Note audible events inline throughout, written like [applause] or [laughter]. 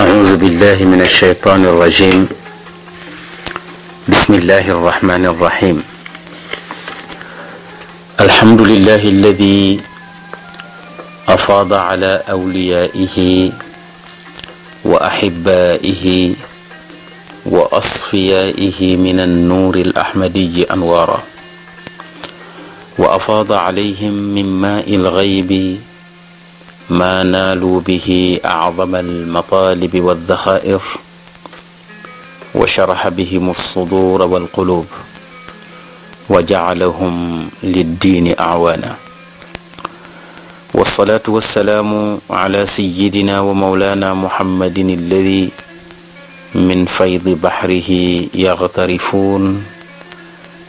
أعوذ بالله من الشيطان الرجيم بسم الله الرحمن الرحيم الحمد لله الذي أفاض على أوليائه وأحبائه وأصفيائه من النور الأحمدي أنوارا وأفاض عليهم من ماء الغيب maa naaluu bihi acdama almataalibi waldaxaa'ir wa sharaxa bihim alsuduura walquluub wa jacalahum liddiini acwaana wasalaatu wassalaamu ala sayidina wa mawlaana muhammadin alladi min faydi baxrihi yaqtarifuun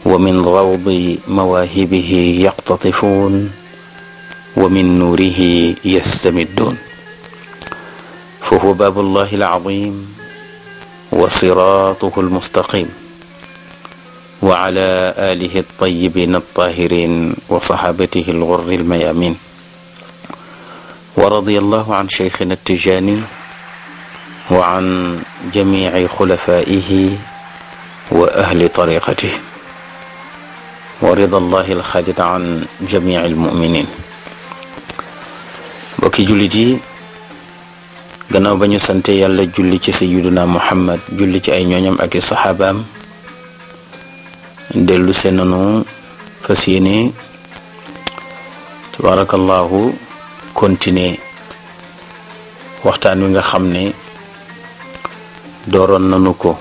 wa min rawdi mawaahibihi yaqtatifuun wa min nuurihi yastamidduun فهو باب الله العظيم وصراطه المستقيم وعلى آله الطيبين الطاهرين وصحابته الغر الميامين ورضي الله عن شيخنا التجاني وعن جميع خلفائه وأهل طريقته ورضا الله الخالد عن جميع المؤمنين mbokki jullit yi gannaaw ba ñu sante yàlla julli ci sayyiduna muhammad julli ci ay ñooñam ak i saxaabaam dellu seen nanu fas yéene tabaarakallaahu continuer waxtaan wi nga xam ni dooroon nanu ko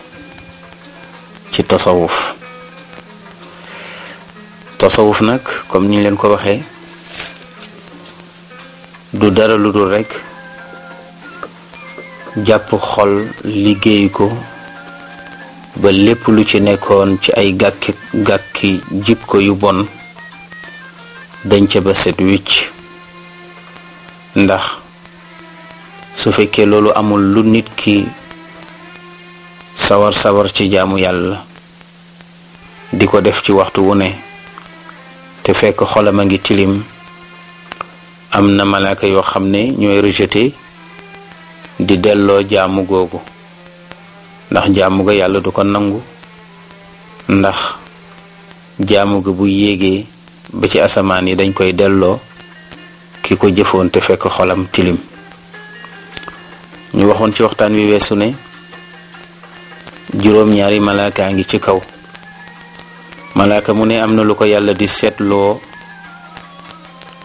ci tasawuf tasawuf nag comme niñ leen ko waxee du dara lu dul rekk jàpp xol liggéey ko ba lépp lu ci nekkoon ci ay gàkki gàkki jikko yu bon denc ba set wicc ndax su fekkee loolu amul lu nit ki sawar sawar ci jaamu yàlla di ko def ci waxtu wu ne te fekk xolam a ngi tilim am na malaaka yoo xam ne ñooy rejeté di delloo jaamu googu ndax jaamu ga yàlla du ko nangu ndax jaamu ga bu yéegee ba ci asamaan yi dañ koy delloo ki ko jëfoon te fekk xolam tilim ñu waxoon ci waxtaan wi weesu ne juróom-ñaari malaakaa ngi ci kaw malaaka mu ne am na lu ko yàlla di seetloo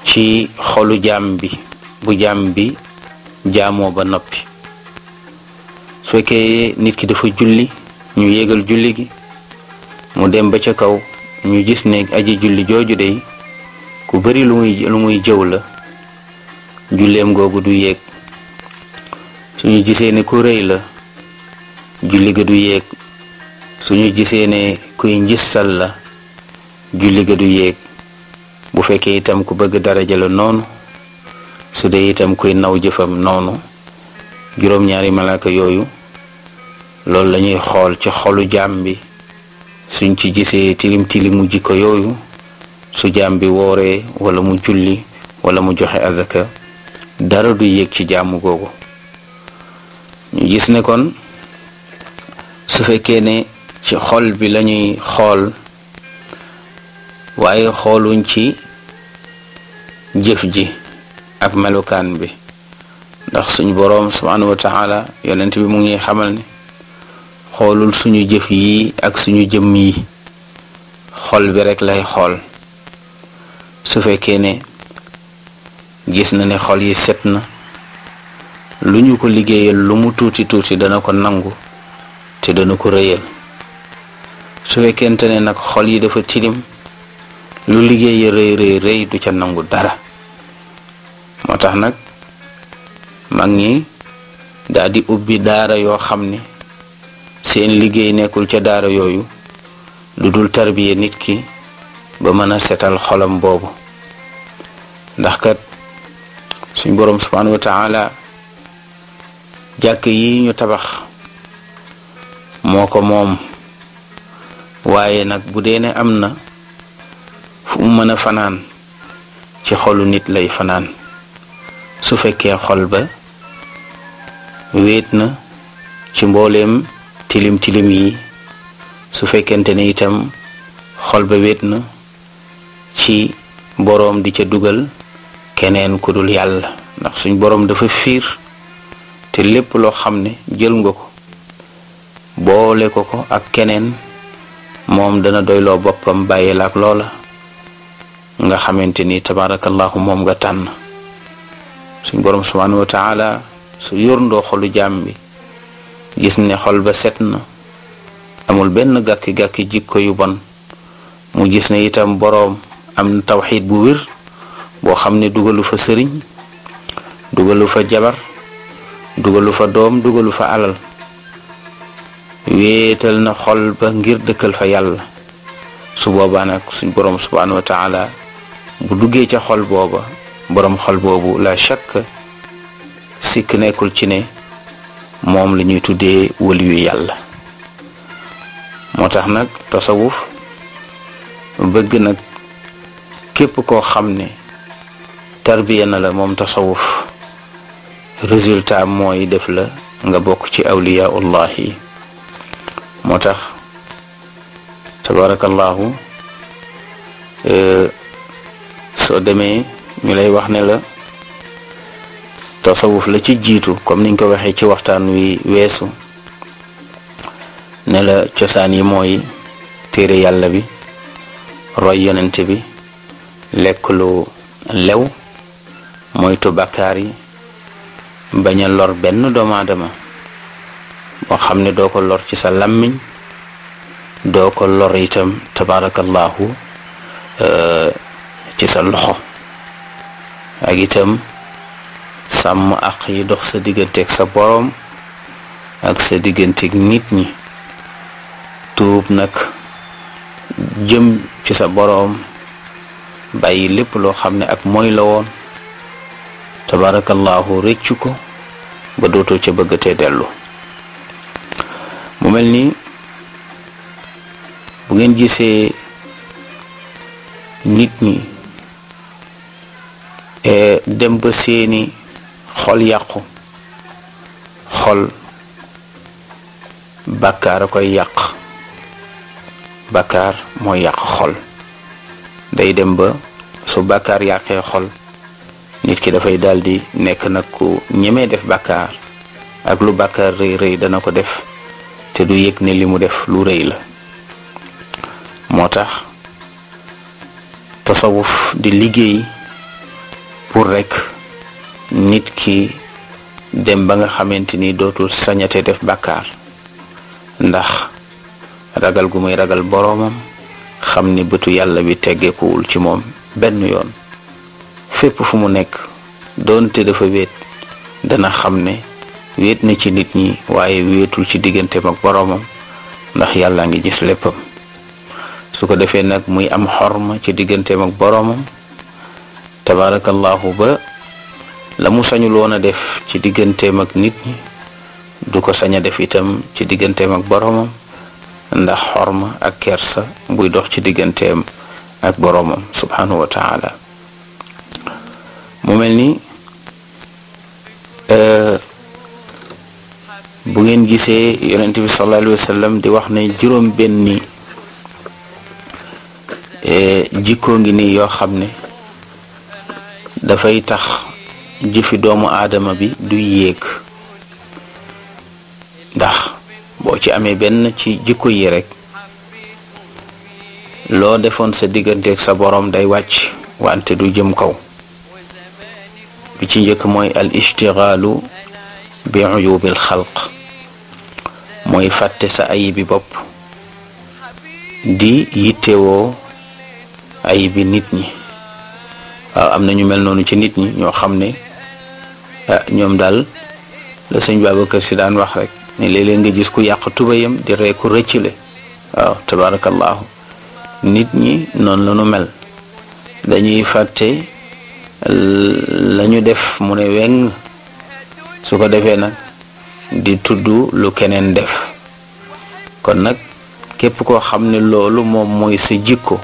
ci xolu jaam bi bu jaam bi jaamoo ba noppi su fekkee nit ki dafa julli ñu yégal julli gi mu dem ba ca kaw ñu gis ne aji julli jooju dey ku bari lu muy jëw la julleem googu du yéeg suñu gisee ne ku rëy la julli ga du yéeg suñu gisee ne kuy njissal la julli ga du yéeg bu fekkee itam ku bëgg daraja la noonu su dee itam kuy naw jëfam noonu juróom-ñaari malaaka yooyu loolu lañuy xool ci xolu jaam bi suñ ci gisee tilim tilimu jikko yooyu su jaam bi wooree walla mu julli wala mu joxe azaka dara du yéeg ci jàmm googu ñu gis ne kon su fekkee ne ci xol bi lañuy xool waaye xooluñ ci jëf ji ak melokaan bi ndax suñu boroom subhaanahu wa taala yonent bi mu ngi xamal ni xoolul suñu jëf yii ak suñu jëm yi xol bi rekk lay xool su fekkee ne gis na ne xol yi set na lu ñu ko liggéeyal lu mu tuuti tuuti dana ko nangu te dana ko rëyal su fekkente ne nag xol yi dafa tilim lu liggéeya rëy rëy rëy du ca nangu dara moo tax nag mag ñi daal di ubbi daara yoo xam ne seen liggéey nekkul ca daara yooyu lu dul tarbiye nit ki ba mën a setal xolom boobu ndax kat suñ boroom subhaanahu wa jàkk yi ñu tabax moo ko moom waaye nag bu dee ne am na fu mën a fanaan ci xolu nit lay fanaan su fekkee xol ba wéet na ci mbooleem tilim tilim yi su fekkente ne itam xol ba wéet na ci boroom di ca dugal keneen ku yàlla ndax suñ boroom dafa fiir te lépp loo xam ne jël nga ko boole ko ko ak keneen moom dana doyloo boppam bàyyi la ak loola nga xamante ni tabaarakallaahu moom nga tànn suñ boroom subhanahu wa taala su yórndoo xolu jaam bi gis ne xol ba set na amul benn gàkki-gàkki jikko yu bon mu gis ne itam boroom am na tawxiit bu wér boo xam ne dugalu fa sëriñ dugalu fa jabar dugalu fa doom dugalu fa alal wéetal na xol ba ngir dëkkal fa yàlla su boobaa nag suñ boroom subhanahu wa taala bu duggee ca xol booba boroom xol boobu la chàkk sikk nekkul ci ne moom la ñuy tuddee waliyu yàlla moo tax nag tasawuf bëgg nag képp koo xam ne tarbiya na la moom tasawuf résultat mooy def la nga bokk ci awliyaullah yi moo tax tabarakallahu euh, soo demee ñu lay wax ne la tasawuf la ci jiitu comme niñ ko waxee ci waxtaan wi weesu ne la cosaan yi mooy téere yàlla bi roy yonent bi lekk lu lew moytu bàkkaar yi bañ a lor benn doomu aadama boo xam ne doo ko lor ci sa làmmiñ doo ko lor itam tabaarakallaahu euh, ci sa loxo ak itam sàmm àq yi dox sa digganteeg sa boroom ak sa digganteeg nit ñi tuub nag jëm ci sa boroom bàyyi lépp loo xam ne ak mooy la woon tabaarakallaahu rëccu ko ba dootoo ca bëggatee dellu mu mel ni bu ngeen gisee nit ñi E dem ba seeni xol yàqu xol bàkkaar a koy yàq bàkkaar mooy yàq xol day dem ba su bàkkaar yàqee xol nit ki dafay daldi nekk nag ku ñemee def bàkkaar ak lu bàkkaar rëy rëy dana ko def te du yëg ne li mu def lu rëy la moo tax tasawuf di liggéey pour rekk nit ki dem ba nga xamante ni dootul sañate def bàkkaar ndax ragal gu muy ragal boroomam xam ni bëtu yàlla bi teggeekuwul ci moom benn yoon fépp fu mu nekk doonte dafa wéet dana xam ne wéet na ci nit ñi waaye wéetul ci digganteem ak boroomam ndax yàlla ngi gis léppam su ko defee nag muy am xorma ci digganteem ak boroomam tabaarakallaahu ba la mu sañul woon a def ci digganteem ak nit du ko saña def itam ci digganteem ak boromam ndax xorma ak kersa buy dox ci digganteem ak boromam subhanahu wa mu mel ni euh, bu ngeen gisee yonent bi sallallahu alayhi wa di wax ne juróom benni euh, jikkoo ngi nii yoo xam ne dafay tax jëfi doomu aadama bi du yéeg ndax boo ci amee benn ci jikko yi rekk loo defoon sa digganteeg sa boroom day wàcc wante du jëm kaw bi ci njëkk mooy al ishtigaalu bi uyubil xalq mooy fàtte sa ayibi bopp di yittewoo ayibi nit ñi waaw am na ñu mel noonu ci nit ñi ñoo xam ne ah, ñoom daal la sëñ Babacar si daan wax rek ni léeg-léeg nga gis ku yàq tubayam di rey ku rëccule waaw tabaarakallaahu nit ñi noonu la ñu mel dañuy fàtte la ñu def mu ne weng su ko defee nag di tudd lu keneen def kon nag képp koo xam ne loolu moom mooy sa jikko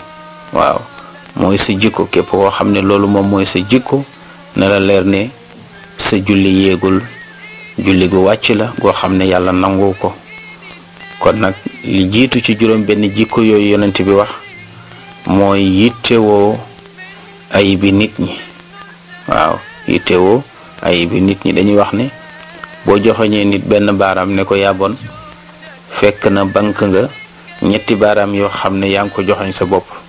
waaw mooy sa jikko képp koo xam ne loolu moom mooy sa jikko na la leer ne sa julli yéegul julli gu wàcc la goo xam ne yàlla nangu ko kon nag li jiitu ci juróom benn jikko yooyu yonent bi wax mooy yittewoo ay bi nit ñi waaw yittewoo ay nit ñi dañuy wax ne boo joxoñee nit benn baaraam ne ko yàbboon fekk na bank nga ñetti baaraam yoo xam ne yaa ngi ko joxoñ sa bopp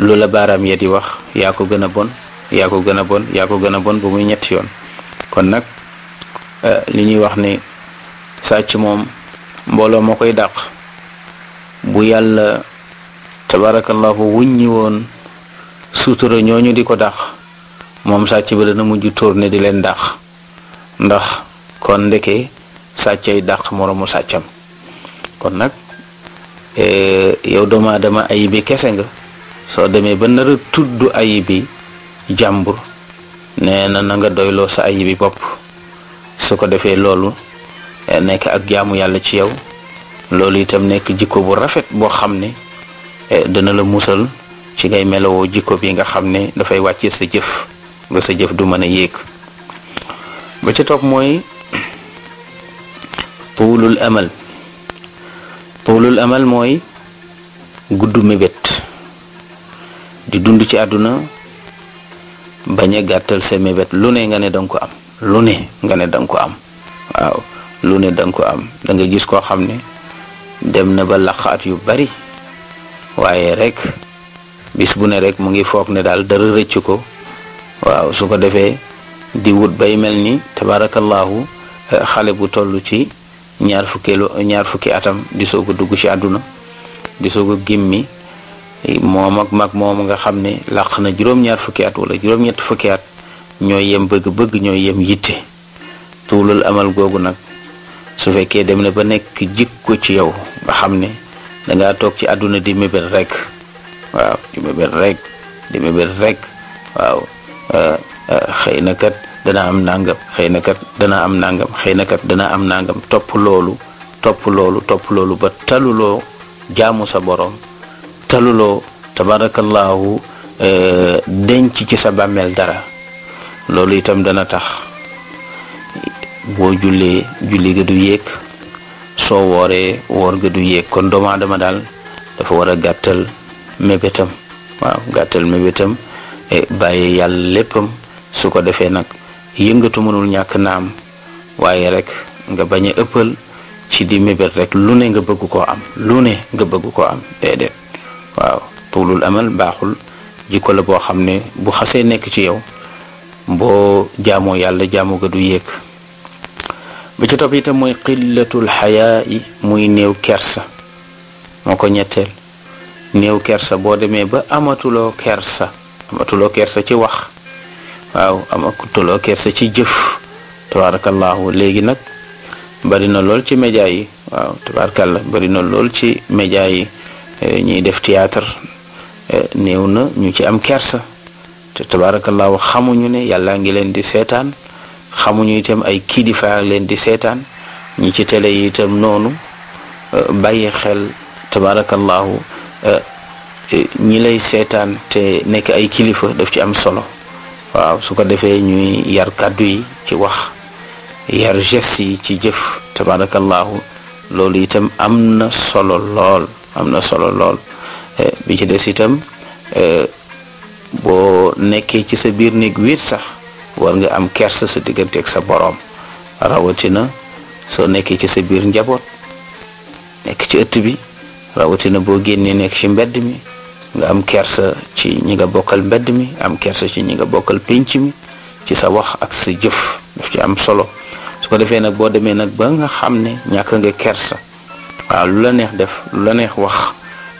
lu la baaraam ya di wax yaa ko gën a bon yaa ko gën a bon yaa ko gën a bon ba muy ñetti yoon kon nag euh, li ñuy wax ni sàcc moom mbooloo moo koy dàq bu yàlla wuñ wuññi woon suutura ñooñu di ko dàq moom sàcc bi dana mujj ne di leen dàq ndax kon ndeke sàccay dàq moroomu sàccam kon nag euh, yow doomu aadama ay bi kese nga soo demee ba nar a tudd ayibi jàmbur nee na na nga doyloo sa ayibi bopp su ko defee loolu eh, nekk ak jaamu yàlla ci yow loolu itam nekk jikko bu rafet boo xam ne eh, dana la musal ci ngay melowoo jikko bi nga xam ne dafay wàcce sa jëf ba sa jëf du mën a yéeg ba ca toog mooy tuulul amal tuulul amal mooy gudd mébét dund ci àdduna bañ a gàttal sa mébét lu ne nga ne danga ko am lu ne nga ne danga ko am waaw lu ne danga ko am danga gis koo xam ne dem na ba laqaat yu bari waaye rek bis bu ne rek mu ngi foog ne daal dara rëcc ko waaw su ko defee di wut bay mel ni tabaarakallaahu xale bu toll ci ñaar fukki ñaar fukki atam di soog a dugg ci àdduna di soog a gimmi moom ak mag moomu nga xam ne làq na juróom-ñaar fukki at wala juróom-ñett fukki at ñoo yem bëgg-bëgg ñoo yem yitte tuulul amal googu nag su fekkee dem na ba nekk jikko ci yow nga xam ne dangaa toog ci àdduna di mébét rek waaw di mébét rekk di mébét rek waaw eh, eh, xëy na kat dana am nangam xëy na dana am nangam xëy na kat dana am nangam topp loolu topp loolu topp loolu ba taluloo jaamu sa boroom taluloo tabaarakallaahu eh, denc ci sa bàmmeel dara loolu itam dana tax boo jullee julli ga du yéeg soo wooree woor ga du yéeg kon doomaadama daal dafa war a gàttal mébétam waaw gàttal mébétam eh, bàyyi yàlla léppam su ko defee nag yëngatu mënul ñàkk naam waaye rek nga bañ a ëppal ci di mébét rek lu ne nga bëgg koo am lu ne nga bëgg ko am déedéet waaw tuulul amal baaxul jikko la boo xam ne bu xasee nekk ci yow boo jaamoo yàlla jaamoo ga du yéeg ba ci topp itam mooy xillatul xayaa yi muy néew kersa moo ko ñetteel néew kersa boo demee ba amatuloo kersa amatuloo kersa ci wax waaw amatuloo kersa ci jëf tabaarakallaahu léegi nag bari na lool ci média yi waaw tabaarakalla bari lool ci média yi Eh, ñuy def théâtre eh, néew na ñu ci am kersa te tabaarakallaahu xamuñu ne yàlla ngi leen di seetaan xamuñu itam ay kilifa leen di seetaan ñu ci télé yi itam noonu eh, bàyyi xel tabaarakallaahu ñi lay seetaan te nekk ay kilifa daf ci am solo waaw su ko defee ñuy yar kàddu yi ci wax yar geste yi ci jëf tabaarakallaahu loolu itam am na solo lool am na solo lool eh, bi ci des itam eh, boo nekkee ci sa biir néeg wéet sax war nga am kersa sa diggante ak sa boroom rawatina soo nekkee ci sa biir njaboot nekk ci ëtt bi rawatina boo génnee nekk ci mbedd mi nga am kersa ci ñi nga bokkal mbedd mi am kersa ci ñi nga bokkal pénc mi ci sa wax ak sa jëf daf ci am solo su ko defee nag boo demee nag ba nga xam ne ñàkk nga kersa waaw lu la neex def lu la neex wax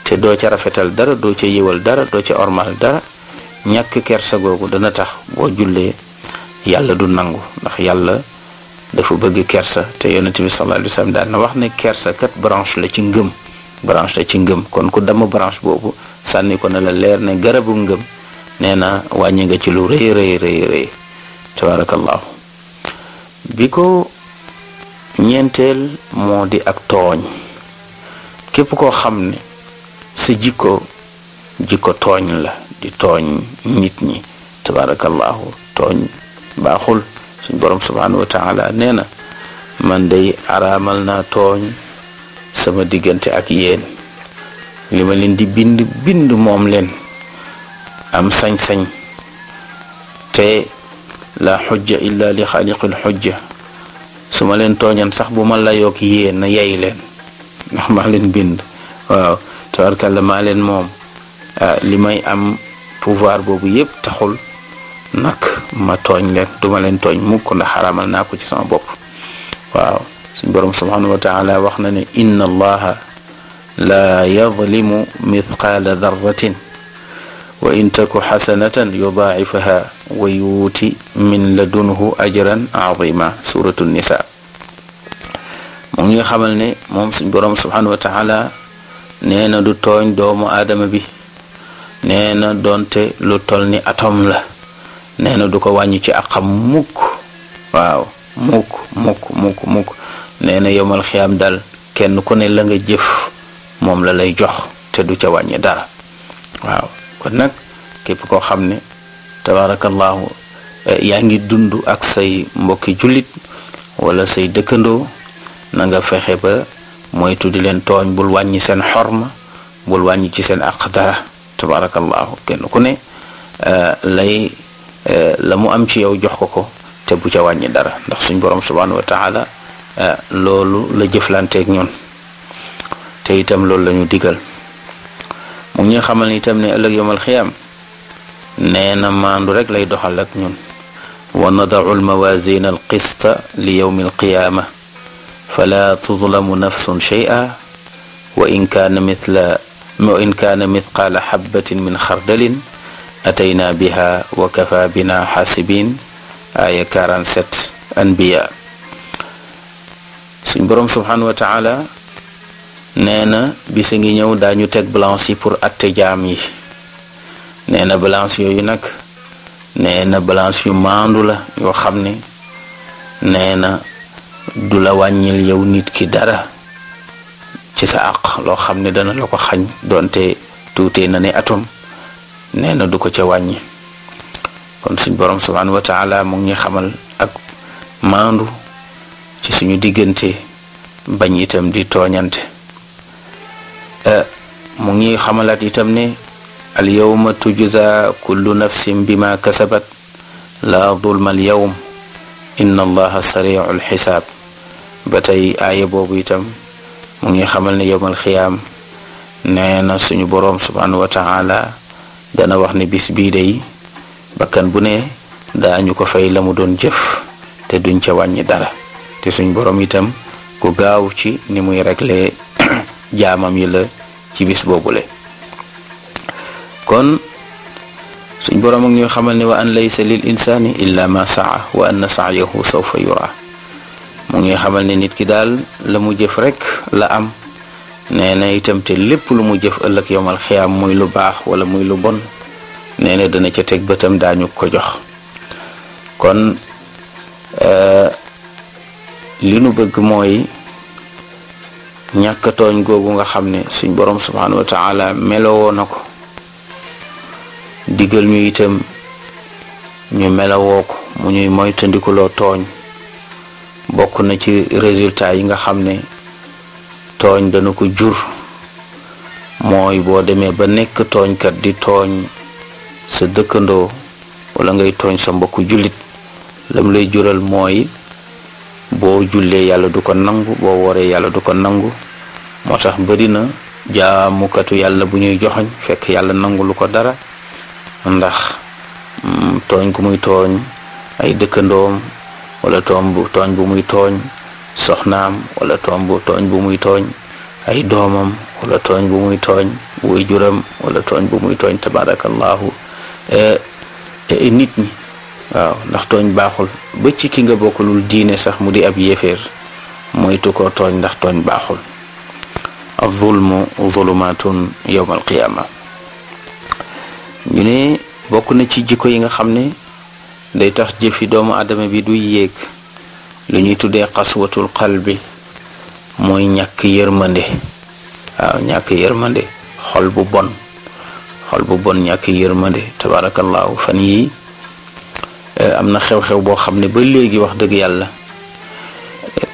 te doo ca rafetal dara doo ca yëwal dara doo ca ormal dara ñàkk kersa googu dana tax boo jullee yàlla du nangu ndax yàlla dafa bëgg kersa te yonent bi sallallahu alayhi wa sallam daal wax ne kersa kat branche la ci ngëm branche la ci ngëm kon ku damm branche boobu sànni ko na la leer ne garabu ngëm nee na wàññi nga ci lu rëy rëy rëy rëy tabarakallahu bi ko ñeenteel moo di ak tooñ képp koo xam ne si jikko jikko tooñ la di tooñ nit ñi tabarakallahu tooñ baaxul suñ borom subhanahu wa taala nee na man day araamal naa tooñ sama diggante ak yéen li ma leen di bind bind moom leen am sañ-sañ te la xujja illa li xaaliqil xujja su ma leen tooñan sax bu ma layoog yéen yey leen ndax maa leen bind waaw tabarkàlla maa leen moom ah, li may am pouvoir boobu yépp taxul nag ma tooñ leen duma leen tooñ mukk ndax xaraamal naa ko ci sama bopp waaw suñ borom subhanahu wa taala wax na ne inna allaha laa yadlimu mithqaala darratin wa in taku xasanatan yudaacifaha wa yuuti min ladunhu ajran azima suratu nisa moom ñu nga xamal ne moom suñ boroom subhanahu wa taala nee na du tooñ doomu aadama bi nee na doonte lu tol ni atom la nee na du ko wàññi ci ak mukk waaw mukk mukk mukk mukk na yomal xiyaam daal kenn ku ne la nga jëf moom la lay jox te du ca wàññi dara waaw kon nag képp koo xam ne tabaarakallaahu eh, yaa ngi dund ak say mbokki jullit walla say dëkkandoo nanga nga fexe ba moytu di leen tooñ bul wàññi seen xorma bul wàññi ci seen ak dara tabarakallahu kenn ku ne euh, lay euh, la mu am ci yow jox ko ko te bu ca wàññi dara ndax suñ borom subhanahu wa taala euh, loolu la jëflanteek ñun te itam loolu la ñu digal mu ngi xamal ni itam ne ëllëg yowmal xiyaam nee na maandu rek lay doxal ak ñun wa nadau almawasina alqista li yowmi alqiyaama fala tuzlamu nafsun shay'a wa in kaana mithla wa min xardalin ataynaa biha wa kafa bina xaasibin aaya 47 anbiya suñ boroom subhanahu wa taala nee na ngi ñëw daañu teg balance yi pour atte jaam yi nee balance yooyu nag nee na balance yu maandu la yoo xam ni du la wàññil yow nit ki dara ci sa àq loo xam ne dana la ko xañ doonte tuute na ne atom nee na du ko ca wàññi kon suñ borom subhanahu wa taala mu ngi xamal ak maandu ci suñu diggante bañ itam di tooñante eh, mu ngi xamalaat itam ne al yawma tujza kullu nafsin bima kasabat la zulma al yawm inna allaha sari'ul ba tey aaya boobu itam mu ngi xamal ne yowmal xiyaam nee na suñu boroom subhaanahu wa taala dana wax ne bis bii day bakkan bu ne daañu ko fay la mu doon jëf te duñ ca wàññi dara te suñu boroom itam ku gaaw ci ni muy régler [coughs] jaamam yi la ci bis boobu boobule kon suñ boroom ak ñuy xamal ne wa an laysa lil insaani illa ma saa wa anna saayahu sawfa yura mu ngi xamal ne nit ki daal la mu jëf rek la am nee na itam te lépp lu mu jëf ëllëg yomal xiyaam muy lu baax wala muy lu bon nee na dana ca teg bëtam daañu ko jox kon eh, li nu bëgg mooy ñàkk tooñ googu nga xam ne suñ borom subhaanahu wa taala melowoo na ko digal ñu itam ñu melowoo ko mu ñuy moytandikuloo tooñ bokk na ci résultat yi nga xam ne tooñ dana ko jur mooy boo demee ba nekk tooñkat di tooñ sa dëkkandoo wala ngay tooñ sa mbokku jullit lam lay jural mooy boo jullee yàlla du ko nangu boo wooree yàlla du ko nangu moo tax bëri na jaamukatu yàlla bu ñuy joxoñ fekk yàlla nangu lu ko dara ndax mm, tooñ gu muy tooñ ay dëkkandoom wala toom bu tooñ bu muy tooñ soxnaam wala toom bu tooñ bu muy tooñ ay doomam wala tooñ bu muy tooñ wuy juram wala tooñ bu muy tooñ tabarakallahu e, e, e nit ñi waaw ndax tooñ baaxul ba ci ki nga bokkulul diine sax mu di ab yéeféer moytu ko tooñ ndax tooñ baaxul az-zulmu zulumaatun yawmal qiyaama ñu bokk na ci jikko yi nga xam ne day tax jëfi doomu aadama bi du yéeg lu ñuy tuddee xaswatul qalbi mooy ñàkk yërmande waaw ñàkk yërmande xol bu bon xol bu bon ñàkk yërmande tabaarakallaahu fan yii eh, am na xew-xew boo xam ne ba léegi wax dëgg yàlla eh,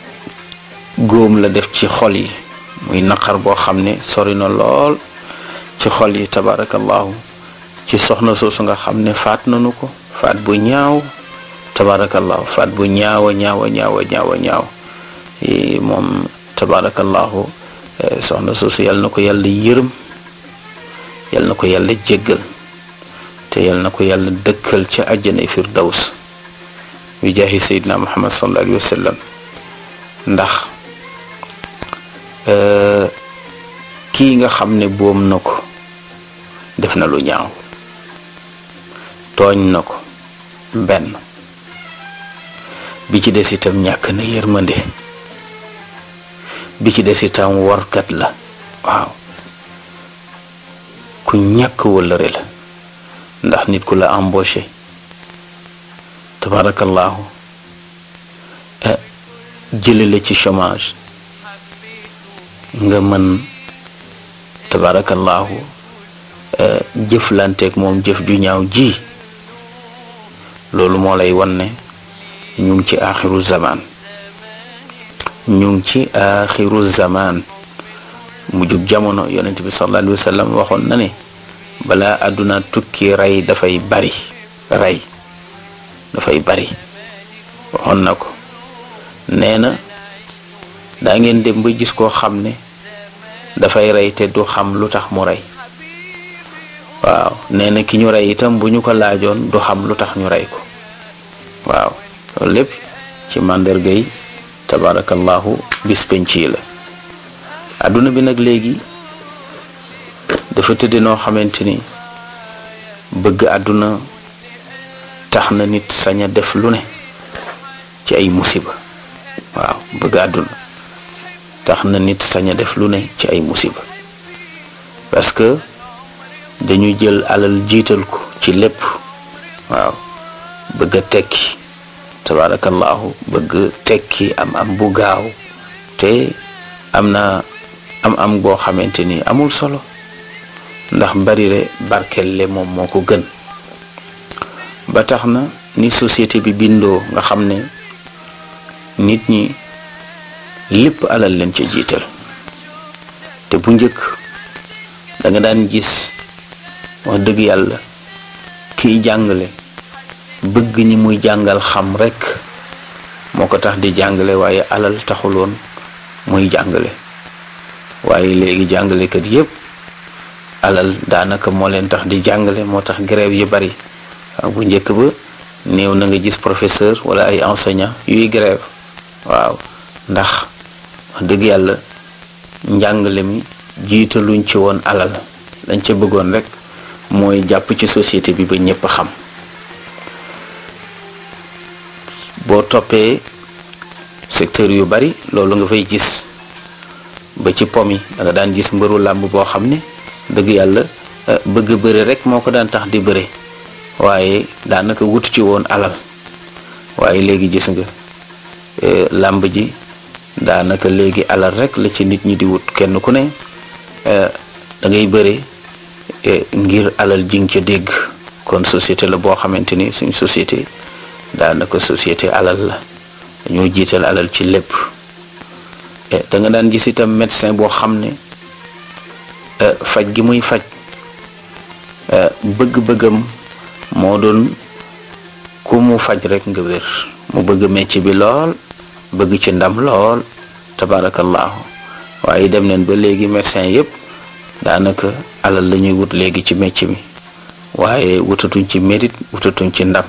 góom la def ci xol yi muy naqar boo xam ne sori na lool ci xol yi tabaarakallaahu ci soxna soosu nga xam ne faat nanu ko faat bu ñaaw tabaarakallaahu faat bu ñaaw a ñaaw a ñaaw a ñaaw a ñaaw eh, moom tabaarakallaahu eh, soxna suusu yal na ko yàlla yërëm yal na ko yàlla jéggal te yal na ko yàlla dëkkal ca àjjanay firdaws bi jaahi seydina muhammad sallallahu alayhi wa sallam ndax eh, kii nga xam ne boom na ko def na lu ñaaw tooñ na ko benn bi ci des itam ñàkk na yërmande bi ci des itam warkat la waaw ku ñàkk wëllëre la ndax nit ku la embauché tabaarakallaahu eh, jële la ci chômage nga mën tabaarakallaahu eh, jëflanteeg moom jëf ju ñaaw ji loolu moo lay wan ne ñu ngi ci aaxiru zamaan ñu ngi ci aaxiru zamaan mu jub jamono yonent bi sallallahu alayhi waxoon na ne balaa àdduna tukki rey dafay bari rey dafay bari waxoon na ko nee na daa ngeen dem ba gis koo xam ne dafay rey te du xam lu tax mu rey waaw nee na ki ñu rey itam bu ñu ko laajoon du xam lu tax ñu rey ko waaw loolu lépp ci màndargay tabaarakallaahu bis penc yi la àdduna bi nag léegi dafa tëdde noo xamante ni bëgg àdduna tax na nit sañ def lu ne ci ay musiba waaw bëgg àdduna tax na nit sañ a def lu ne ci ay musiba parce que dañu jël alal jiital ko ci lépp waaw bëgg a tekki tabaarakallaahu bëgg tekki am am bu gaaw te am na am am goo xamante ni amul solo ndax mbarire barkel le moom moo ko gën ba tax na ni société bi bindoo nga xam ne nit ñi lépp alal leen ca jiital te bu njëkk danga daan gis wax dëgg yàlla kiy jàngale bëgg ñi muy jàngal xam rekk moo ko tax di jàngale waaye alal taxuloon muy jàngale waaye léegi jàngale jàngalekat yépp alal daanaka moo leen tax di jàngale moo tax grève yi bari waaw bu njëkk ba néew na nga gis professeur walla ay enseignant yuy grève waaw ndax wax dëgg yàlla njàngale mi jiitaluñ ci woon alal dañ ca bëggoon rekk mooy jàpp ci société bi ba ñépp xam boo toppee secteur yu bari loolu nga fay gis ba ci po mi da daan gis mbëru làmb boo xam ne dëgg yàlla eh, bëgg bëre rek moo ko daan tax di bëre waaye daanaka wut ci woon alal waaye léegi gis nga eh, làmb ji daanaka léegi alal rek la ci nit ñi di wut kenn ku ne eh, da ngay bëre E ngir alal ji nga ca dégg kon société la boo xamante ni suñ société daanaka societé alal la dañoo jiital alal ci lépp e, danga daan gis itam médecin boo xam ne e, faj gi muy faj bëgg-bëggam moo doon ku mu faj rek nga wér mu bëgg métier bi lool bëgg ci ndam lool tabaarakallaahu waaye dem neen ba léegi médecin yëpp daanaka. alal la ñuy wut léegi ci mecc mi waaye wutatuñ ci mérite wutatuñ ci ndam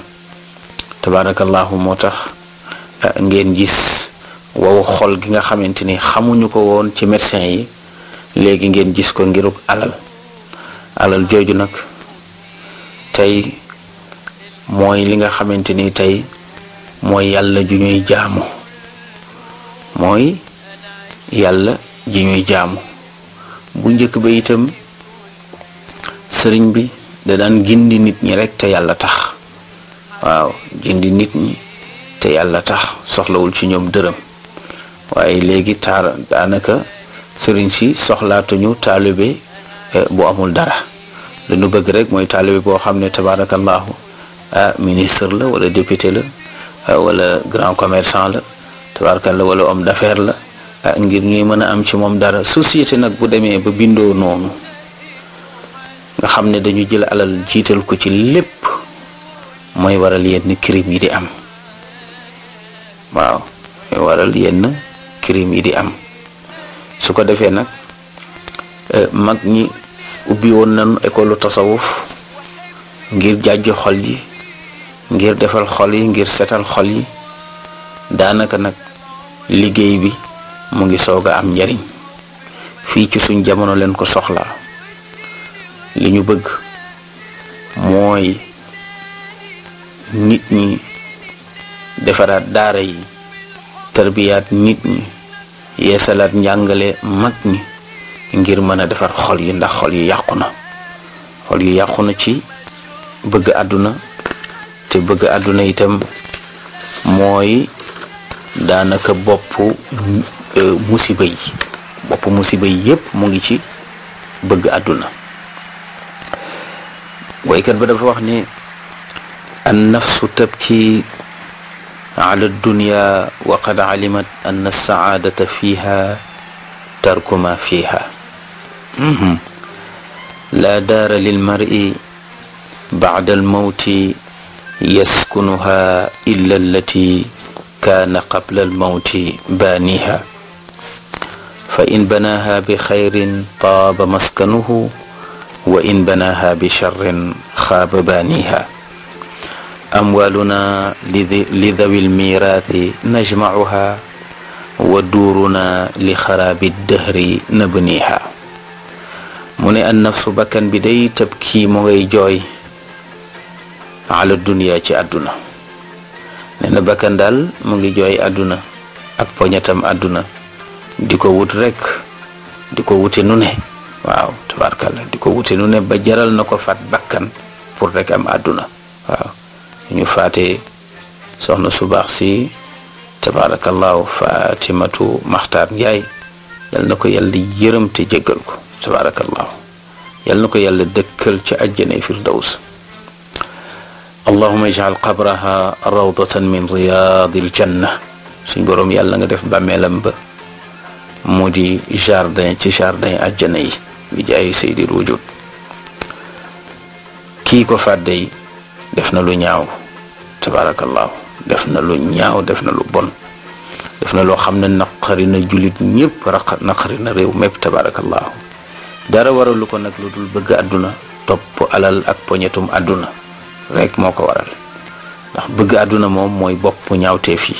tabaarakallaahu moo tax ah, ngeen gis wow xol gi nga xamante ni xamuñu ko woon ci médecin yi léegi ngeen gis ko ngiruk alal alal jooju nag tey mooy li nga xamante ni tey mooy yàlla ju ñuy jaamu mooy yàlla ji ñuy jaamu bu njëkk ba itam sëriñ bi da daan gindi nit ñi rek te yàlla tax waaw gindi nit ñi te yàlla tax soxlawul ci ñoom dërëm waaye léegi taar daanaka sëriñ si soxlaatuñu taalibe eh, bu amul dara lu nu bëgg rek mooy taalibe boo xam ne tabaarakallaahu ah, ministre la wala député la ah, wala grand commerçant la tabaarakallaahu wala homme d'affaires la ah, ngir ñuy mën a am ci moom dara société nag bu demee ba bindoo noonu nga xam ne dañu jël alal jiital ko ci lépp mooy waral yenn crime yi di am waaw mooy yenn crime yi di am su ko defee nag eh, mag ñi ubbi woon nañu école tasawuf ngir jàjj xol yi ngir defal xol yi ngir setal xol yi daanaka nag liggéey bi mu ngi soog a am njariñ fii ci suñ jamono leen ko soxlaa li ñu bëgg mooy nit ñi defaraat daara yi tarbiyaat nit ñi yeesalaat njàngale mag ñi ngir mën a defar xol yi ndax xol yi yàqu na xol yi yàqu na ci bëgg àdduna te bëgg àdduna itam mooy daanaka bopp euh, musiba yi bopp musiba yi yépp mu ngi ci bëgg àdduna woykat ba dafa wax ni an nafsu tabki ala dunya wa qad alimat anna saadata fiha tarku ma fiha mhm. la daara lilmari bacda almawti yaskunuha illa allati kaana qabla almawti baaniha fa in banaaha bi xayrin taaba maskanuhu wa in banaaha bi charrin xaaba baaniha amwaaluna li dawi lmiiraathi najmacuha wa duuruna li xaraabi dëhri nabniha mu ne an nafsu bakkan bi day tabkii mu ngay jooy ala duniyaa ci àdduna nee bakkan daal mu ngi jooy àdduna ak poñetam àdduna di ko wut rekk di ko wute nu waaw tabaarkalla di ko wute nu ne ba jaral na ko faat bakkan pour rek am àdduna waaw ñu faatee soxna su baax si tabaarakallaahu fatimatu maxtaar njaay yal na ko yàlla yërëm te jéggal ko tabaarakallaahu yal na ko yàlla dëkkal ci àjjanay firdaws allahuma ijal qabraha rawdatan min riyaadil janna suñ boroom yàlla nga def bàmmeelam ba moo di jardin ci jardin àjjana yi bi jaay saydil wujud kii ko fàdde def na lu ñaaw tabaarakallaahu def na lu ñaaw def na lu bon def na loo xam ne naqari na jullit ñëpp raq naqari na réew mépp tabaarakallaahu dara waralu ko nag lu dul bëgg àdduna topp alal ak poñetum àdduna rek moo ko waral ndax bëgg àdduna moom mooy boppu ñaawteef yi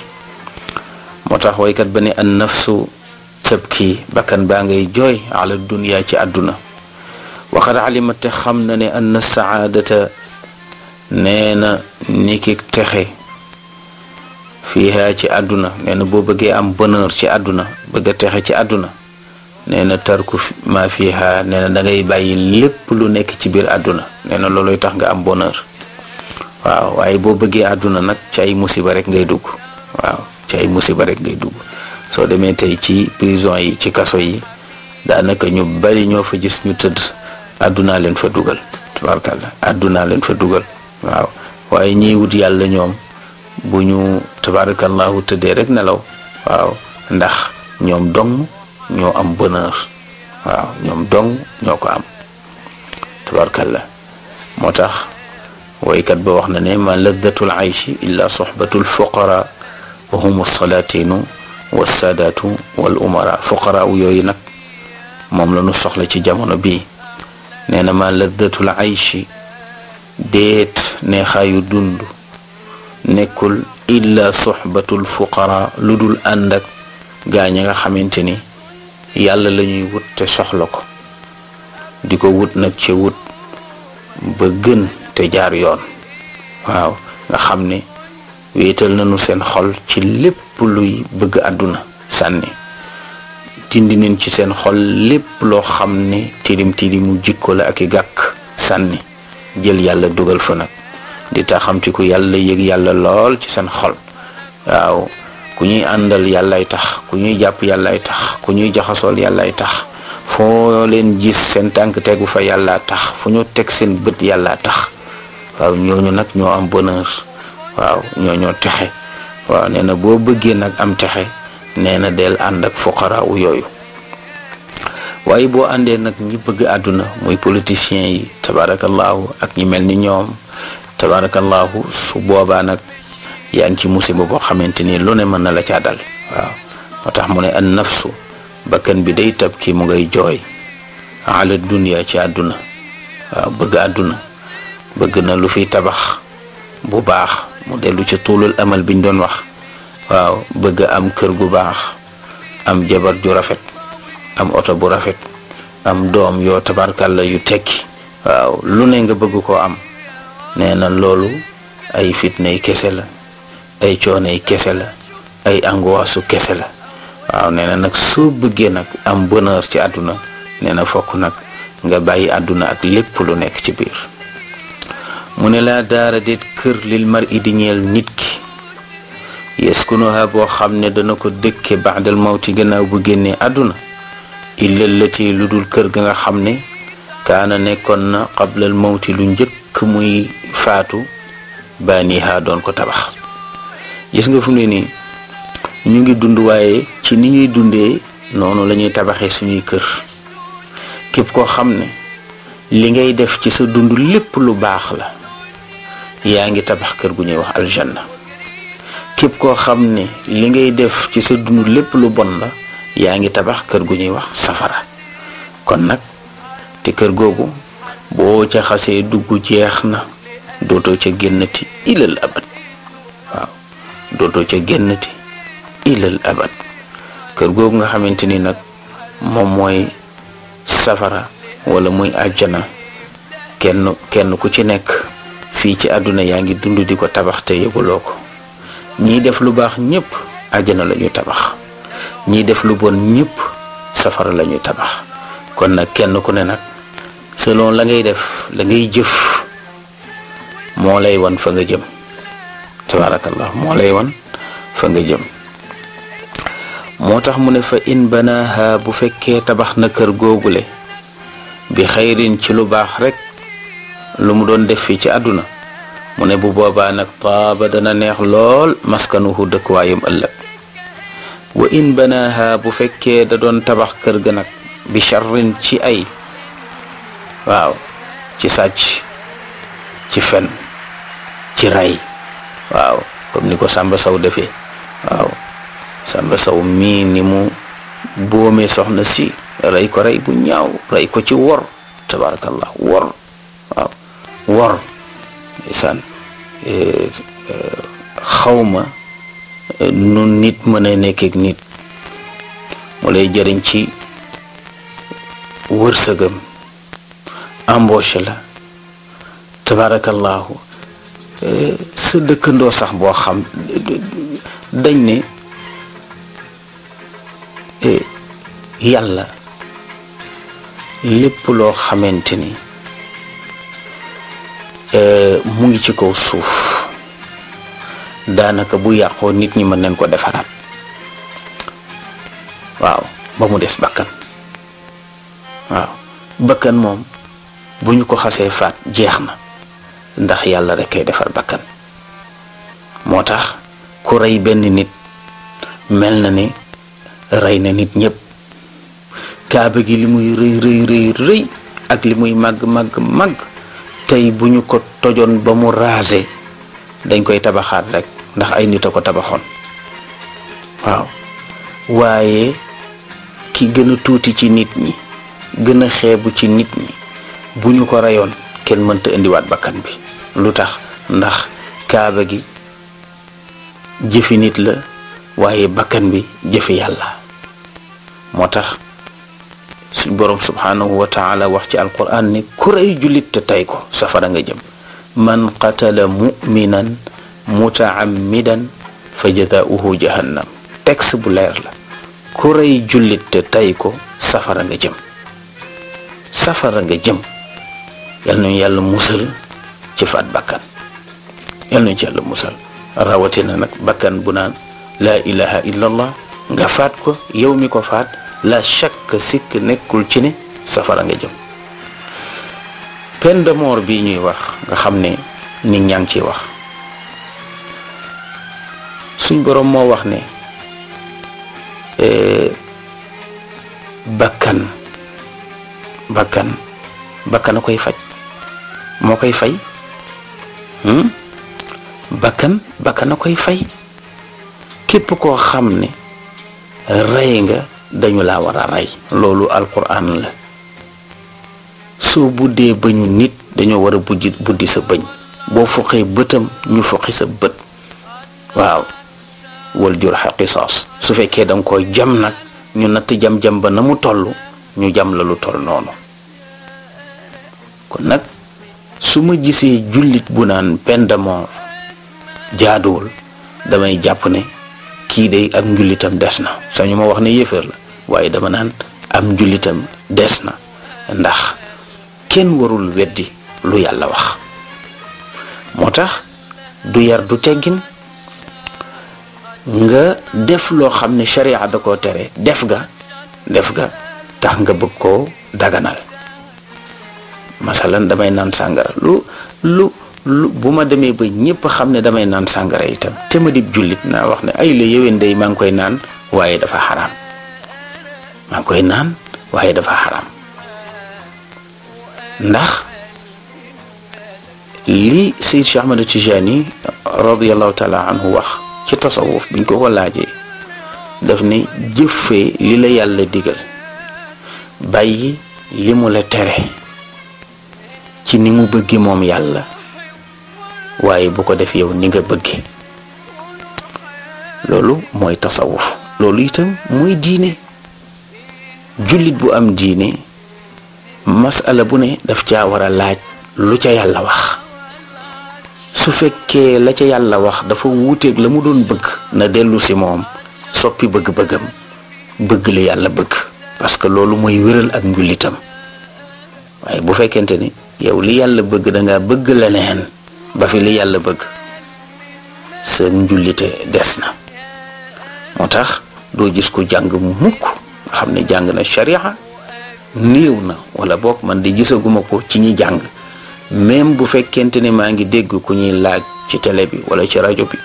moo tax waykat ba ne an tabki bakkan baa ngay jooy ala duniyaa ci àdduna waxad alima te xam na ne ann sacaadata nee na niki texe fiihaa ci àdduna nee boo bëggee am bonheur ci àdduna bëgg texe ci àdduna nee na tarku ma fiihaa nee na lu nekk ci biir àdduna nee na looloy tax nga am bonheur waaw waaye boo bëggee àdduna nag ci ay musiba rek ngay dugg waaw ci ay musiba rek ngay dugg soo demee tey ci prison yi ci kaso yi daanaka ñu bari ñoo fa gis ñu tëdd àddunaa leen fa dugal tabarkalla àddunaa leen fa dugal waaw waaye ñiy wut yàlla ñoom bu ñu tabarakallahu tëddee rek nelaw waaw ndax ñoom dong ñoo am bonheur waaw ñoom dong ñoo ko am tabarkalla moo tax woykat ba wax na ne ma laddatul ayshi illa soxbatul fuqara wa humu wa saadaatu wal umara fuqaraaw yooyu nag moom la ñu soxla ci jamono bii nee na ma laddatul ayshi déet neexaayu dund nekkul illa soxbatul fuqara lu dul ànd ak gaañ nga xamante ni yàlla lañuy wut te soxla ko di ko wut nag ca wut ba gën te jaar yoon waaw nga xam ne wéetal nañu seen xol ci lépp luy bëgg àdduna sànni tindi nañ ci seen xol lépp loo xam ne tilim tilimu jikko la ak i gàkk sànni jël yàlla dugal fa nag di taxamtiku yàlla yëg yàlla lool ci seen xol waaw ku ñuy àndal yàllaay tax ku ñuy jàpp yàllaay tax ku ñuy jaxasool yàllaay tax foo leen gis seen tànk tegu fa yàllaa tax fu ñu teg seen bët yàllaa tax waaw ñooñu nag ñoo am bonheur waaw ñoo ñoo texe waaw nee na boo bëggee nag am texe nee na del ànd ak fuqaraawu yooyu waaye boo àndee nag ñi bëgg àdduna muy politiciens yi tabaarakallaahu ak ñi mel ni ñoom tabaarakallaahu su boobaa nag yaa ngi ci musiba boo xamante ni lu ne mën na la caa dal waaw moo tax mu ne an nafsu bakkan bi day tab ki mu ngay jooy ala dunia ci àdduna waaw bëgg àdduna bëgg na lu fi tabax bu baax mu dellu ci tuulul amal ñu doon wax waaw bëgg am kër gu baax am jabar ju rafet am oto bu rafet am doom yoo tabarkalla yu tekki waaw lu ne nga bëgg koo am nee na loolu ay fitnay kese la ay coonay kese la ay angoissu kese la waaw nee na nag soo bëggee nag am bonheur ci àdduna nee na fokk nag nga bàyyi àdduna ak lépp lu nekk ci biir mu ne laa daara déet kër lil mar i ñeel nit ki yeskunuha boo xam ne dana ko dëkke baadal mawti gannaaw bu génnee àdduna illa lati lu dul kër ga nga xam ne kaana nekkoon na qablal mawti lu njëkk muy faatu baaniha doon ko tabax gis nga fu ne nii ñu ngi dund waaye ci ni ñuy dundee noonu lañuy ñuy tabaxee suñuy kër képp koo xam ne li ngay def ci sa dund lépp lu baax la yaa ngi tabax kër gu ñuy wax aljanna képp koo xam ni li ngay def ci sa dund lépp lu bon la yaa ngi tabax kër gu ñuy wax safara kon nag te kër googu boo ca xasee dugg jeex na dootoo ca génnati ilal abad waaw dootoo ca génnati ilal abad kër googu nga xamante ni nag moom mooy safara wala muy àjjana kenn kenn ku ci nekk fii ci àdduna yaa ngi dund di ko tabax te yëguloo ko ñiy def lu baax ñépp àjjana la ñu tabax ñiy def lu bon ñépp safara la ñu tabax kon nag kenn ku ne nag selon la ngay def la ngay jëf moo lay wan fa nga jëm tabaarakallah moo lay wan nga jëm moo tax mu ne fa in banaaha bu fekkee tabax na kër googule bi xayrin ci lu baax rekk lu mu doon def fii ci àdduna mu ne bu boobaa nag taaba dana neex lool maskanuhu dëkkuwaayam ëllëg wa in banaaha bu fekkee da doon tabax kër ga nag bi charrin ci ay waaw ci sàcc ci fen ci ray waaw comme ni ko Samba saw defee waaw Samba Sow mii ni mu boomee soxna si rey ko rey bu ñaaw rey ko ci wor tabarakallah wor waaw wor ndeysaan eh, eh, xawma eh, nu nit mën a nekk nit mu lay jëriñ ci wër wërsëgam embauché la tabaarakallaahu sa dëkkandoo sax boo xam dañ ni yàlla lépp loo xamante ni Euh, mu ngi ci kaw suuf daanaka bu yàqoo nit ñi mën nañ ko defaraat waaw ba mu des bakkan waaw bakkan moom bu ñu ko xasee faat jeex na ndax yàlla rek defar bakkan moo tax ku rey benn nit mel na ni rey na nit ñépp kaaba gi li muy rëy rëy rëy rëy ak li muy màgg màgg màgg tey bu ñu ko tojoon ba mu raase dañ koy tabaxaat rek ndax ay nit a ko tabaxoon waaw waaye ki gën a tuuti ci nit ñi gën a xeebu ci nit ñi bu ñu ko reyoon kenn mënta indiwaat bakkan bi lu tax ndax kaaba gi jëfi nit la waaye bakkan bi jëfi yàlla moo tax suñ borom subhaanahu wa taala wax ci alquran ni ku rey jullit tey ko safara nga jëm man qatala muminan mutaammidan fa jazaauhu jahannam texte bu leer la ku rey jullit tey ko safara nga jëm safara nga jëm yal nañu yàlla musal ci faat bakkan yal nañu ci yàlla musal rawatina nag bakkan bu naan laa ilaha illallah nga faat ko yow mi ko faat la chaque sikk nekkul ci ne safara nga jëm peine de bii ñuy wax nga xam ne nit ñaa ngi ciy wax suñ boroom moo wax ne e, bakkan bakkan bakkan a koy faj moo koy fay hmm? bakkan bakkan a koy fay képp koo xam ne rey nga dañu la war a rey loolu alquran la soo buddee bañu nit dañoo war a bujj buddi sa bëñ boo fuqee bëtam ñu fuqi sa bët waaw wal jur qisaas su fekkee danga koy jam nag ñu natt jam-jam ba na mu toll ñu jam la lu toll noonu kon nag su ma gisee jullit bu naan peine de jaaduwul damay jàpp ne kii day ak njullitam des na sañu ma wax ne yéefar la waaye dama naan am njullitam des na ndax kenn warul weddi lu yàlla wax moo tax du yar du teggin nga def loo xam ne sharia da koo tere def ga def ga tax nga bëgg koo daganal masalan damay naan sàngara lu lu lu bu ma demee ba ñëpp xam ne damay naan sàngara itam te ma dib jullit naa wax ne ay la yéwén day maa ngi koy naan waaye dafa xaraam maa ngi koy naan waaye dafa xaraam ndax li Seyd Cheikh Ahmad Tijani radiallahu taala anhu wax ci tasawuf biñ ko ko laajee daf ne jëfee li la yàlla digal bàyyi li mu la tere ci ni mu bëgge moom yàlla waaye bu ko def yow ni nga bëgge loolu mooy tasawuf loolu itam mooy diine jullit bu am diine masala bu ne daf caa war a laaj lu ca yàlla wax su fekkee la ca yàlla wax dafa wuuteeg la mu doon bëgg na dellu si moom soppi bëgg-bëggam bëgg la yàlla bëgg parce que loolu mooy wéral ak njullitam waaye bu fekkente ni yow li yàlla bëgg danga bëgg leneen ba fi li yàlla bëgg sa njullite des na moo tax doo gis ku jàng mukk nga xam ne jàng na sharia néew na wala boog man de gisaguma ko ci ñi jàng même bu fekkent ne maa ngi dégg ku ñuy laaj ci télé bi walla ci rajo bi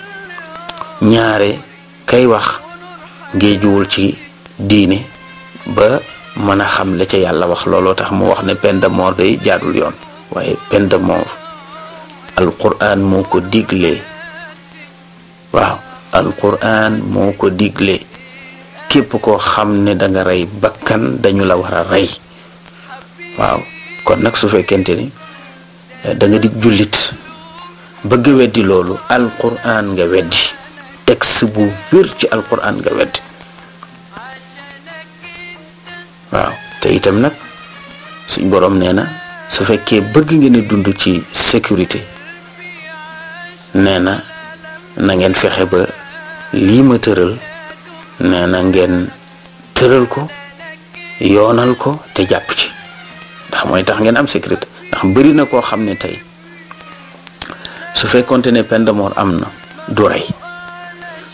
ñaare kay wax géejuwul ci diine ba mën a xam la ca yàlla wax looloo tax mu wax ne peine de mort day jaadul yoon waaye peine alquran moo ko digle waaw alquran moo ko digle képp koo xam ne danga rey bakkan dañu la war a rey waaw kon nag su fekkente ni eh, danga nga di jullit bëgg weddi loolu alquran nga weddi texte bu wér ci alquran nga weddi waaw te itam nag suñ boroom nee na su fekkee bëgg ngeen a dund ci sécurité nee na na ngeen fexe ba lii ma tëral nee na ngeen tëral ko yoonal ko te jàpp ci ndax mooy tax ngeen am sécurité ndax bëri na koo xam ne tey su fekkoonte ne peine am na du rey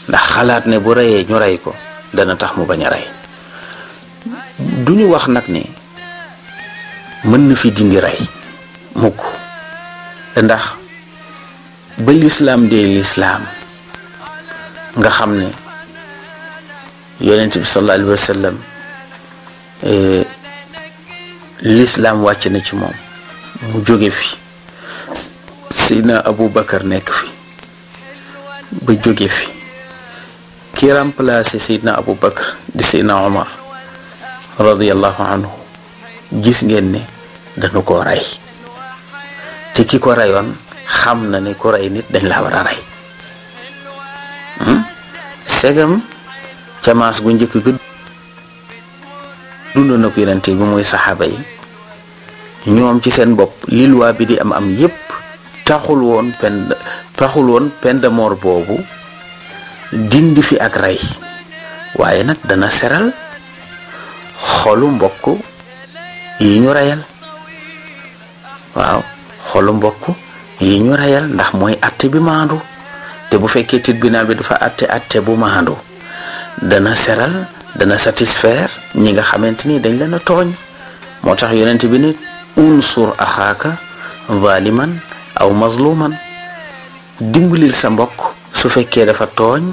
ndax xalaat ne bu reyee ñu rey ko dana tax mu bañ a rey du ñu wax nag ne mën na fi dindi rey mukk ndax ba lislaam dee lislaam nga xam ne yonent bi sallallahu alayhi wa eh, lislaam wàcc na ci moom mu jóge fi Seydina Abu Bakar nekk fi ba jóge fi ki remplacé Seydina Abu Bakar di Seydina Omar radiyallahu anhu gis ngeen ne dañu ko rey te ki ko reyoon xam na ni ku rey nit dañ la war rey hmm? segam ca maas gu njëkk ga dund na ko yonent bi muy saxaaba yi ñoom ci seen bopp li luwaa bi di am am yépp taxul woon pen taxul woon peine boobu dindi fi ak rey waaye nag dana seral xolu mbokk yi ñu reyal waaw xolu mbokk yi ñu reyal ndax mooy atte bi maandu te bu fekkee tribunal bi dafa atte atte bu maandu dana seral dana satisfaire ñi nga xamante ni dañ leen a tooñ moo tax yonent bi ne unsur axaaka valiman aw mazluman dimbalil sa mbokk su fekkee dafa tooñ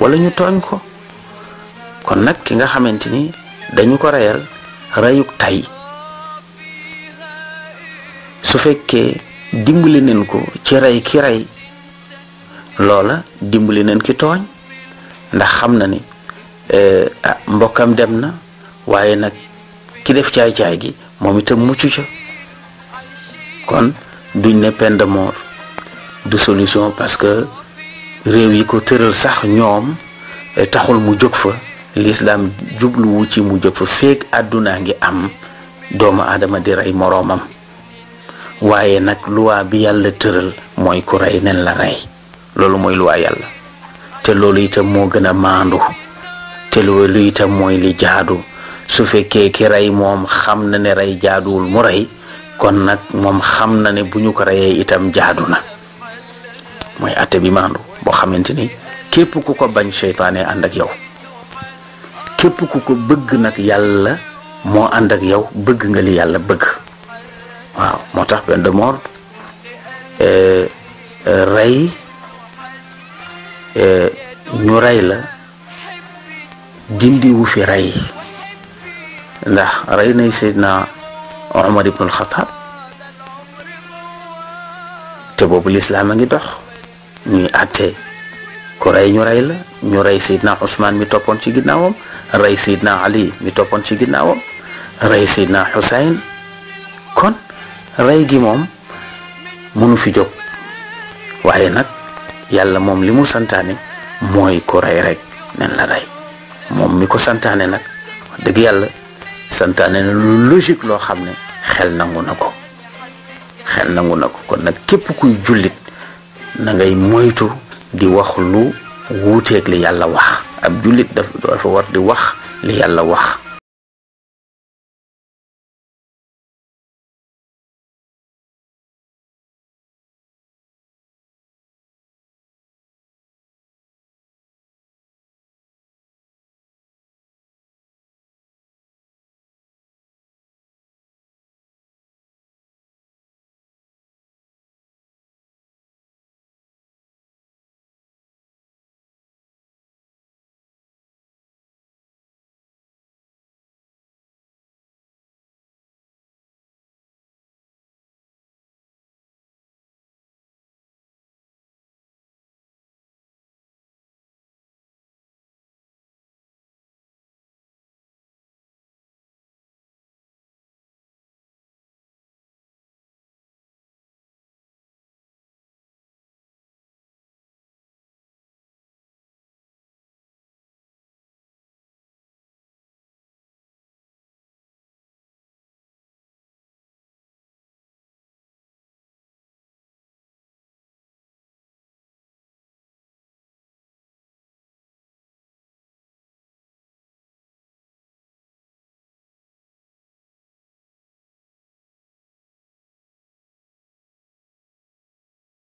wala ñu tooñ ko kon nag ki nga xamante ni dañu ko reyal reyuk tay su fekkee dimbali nañ ko ci rey ki rey loola dimbali nañ ki tooñ ndax xam na ni eh, ah mbokkam dem na waaye nag ki def caay-caay gi moom itam mucc ca kon duñ ne peine du solution parce que réew yi ko tëral sax ñoom eh, taxul mu jóg fa lislaam jubluwu ci mu jóg fa feeg àddunaa ngi am doomu aadama di rey moroomam waaye nag luwaa bi yàlla tëral mooy ku rey nen la rey loolu mooy luwaa yàlla te loolu itam moo gën a maandu te lu lu itam mooy li jaadu su fekkee ki rey moom xam na ne rey jaaduwul mu rey kon nag moom xam na ne bu ñu ko reyee itam jaadu na mooy atte bi maandu boo xamante ni képp ku ko bañ seytaane ànd ak yow képp ku ko bëgg nag yàlla moo ànd ak yow bëgg nga li yàlla bëgg waaw moo tax peine de mort euh, euh, rey euh, ñu rey la dindi wu fi rey ndax rey nay Seydina Omar ibnul Xataab te boobu lislaam a ngi dox ñuy àtte ku rey ñu rey la ñu rey Seydina Ousmane mi toppoon ci ginnaawam rey Seydina Ali mi toppoon ci ginnaawam rey Seydina Xusayn rey gi moom mënu fi jóg waaye nag yàlla moom li mu santaane mooy ko rey rek nen la rey moom mi ko santaane nag dëgg yàlla santaane na lu logique loo xam ne xel nangu na ko xel nangu na ko kon nag képp kuy jullit na ngay moytu di wax lu wuuteeg li yàlla wax ab jullit dafa war di wax li yàlla wax